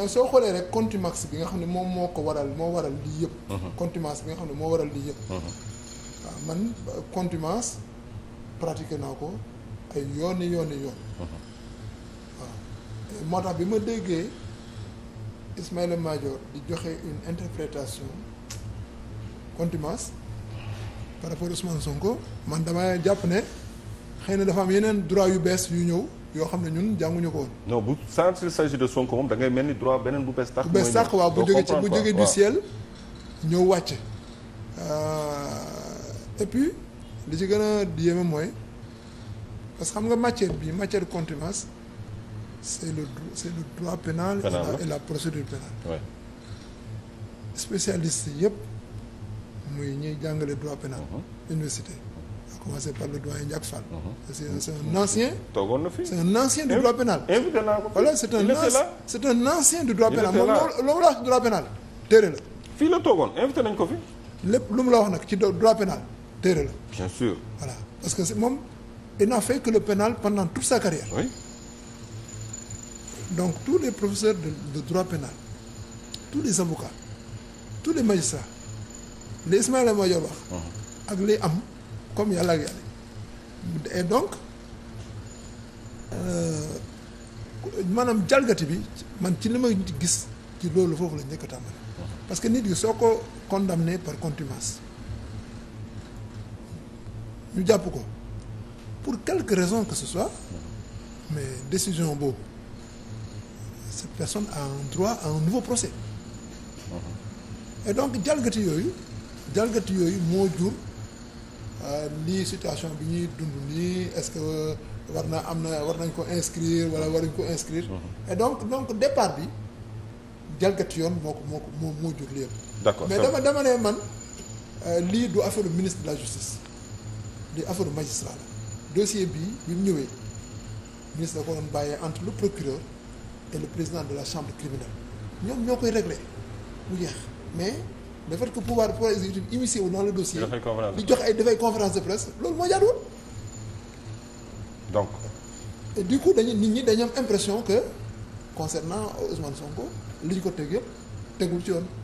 mais soo xoolee rek contumace bi nga xam ne moom moo ko waral moo waral lii yëpp. Mhm. contimence bi nga xam ne moo waral lii yëpp. Mhm. waaw man contumace pratiqué naa ko ay yooni yooni yoon. Mhm. waaw moo tax bi ma déggee Ismaïla Madior di joxe une interprétation contimence par rapport Ousmane Sonko man dama jàpp ne xëy na dafa am yeneen droit yu bees yu ñëw. yoo xam ne ñun jànguñu ko woon. non bu sans il s'agit de Sonko moom da ngay mel ni droit beneen bu bees tax. bu bees tax waaw bu jógee ci bu jógee du ciel ñëw wàcce. Euh, et li ci gën a yéeme mooy parce que xam nga matière bi matière contumace c'est le c'est le droit pénal. et la procédure pénale. spécialiste yëpp muy ñuy jàngale droit pénal. Mhm. université. commencé par le doyen Ndiak Fall. Mhm. c'est un ancien. toogoon na fi c'est un ancien du droit pénal. invité c'est un ancien du droit pénal moom loolu la la. fii la toogoon invité nañ lépp lu mu la wax nag ci droit pénal téere la. bien sûr voilà parce que moom il n'a fait que le pénal pendant toute sa carrière. donc tous les professeurs de, de droit pénal tous les avocats tous les magistrats les Ismaïla Madior wax. Mhm. ak les am. comme yàlla ak yàlla et donc euh, maanaam jalgati bi man ci li ma gis ci loolu foofu la njëkk tàmbali parce que nit gi soo ko condamné par contumace ñu jàpp ko pour quelque raison que ce soit mais décision boobu cette personne a un droit à un nouveau procès et donc jalgati yooyu jalgati yooyu moo jur Euh, lii situation bi ñuy dund nii est-ce que war na am na war nañ ko inscrire wala nañ ko inscrire. Mhm. et donc donc départ bi jalgati yoon moo ko moo ko moo moo jur lépp. d'accord mais dama dama ne man euh, lii du affaire ministre de la justice di affaire magistrat la dossier bi mu ñëwee ministre da ko doon bàyyee entre le procureur et le président de la chambre criminelle ñoom ñoo koy régler mu jeex mais. le fait que pouvoir pouvoir exécutif immiscé wu dans le dossier. di jox ay dafay conférence de presse loolu moo jaaduwul. donc. Et du coup dañu nit ñi dañu am impression que concernant Ousmane Sonko li ñu ko teg yëpp tegul ci yoon.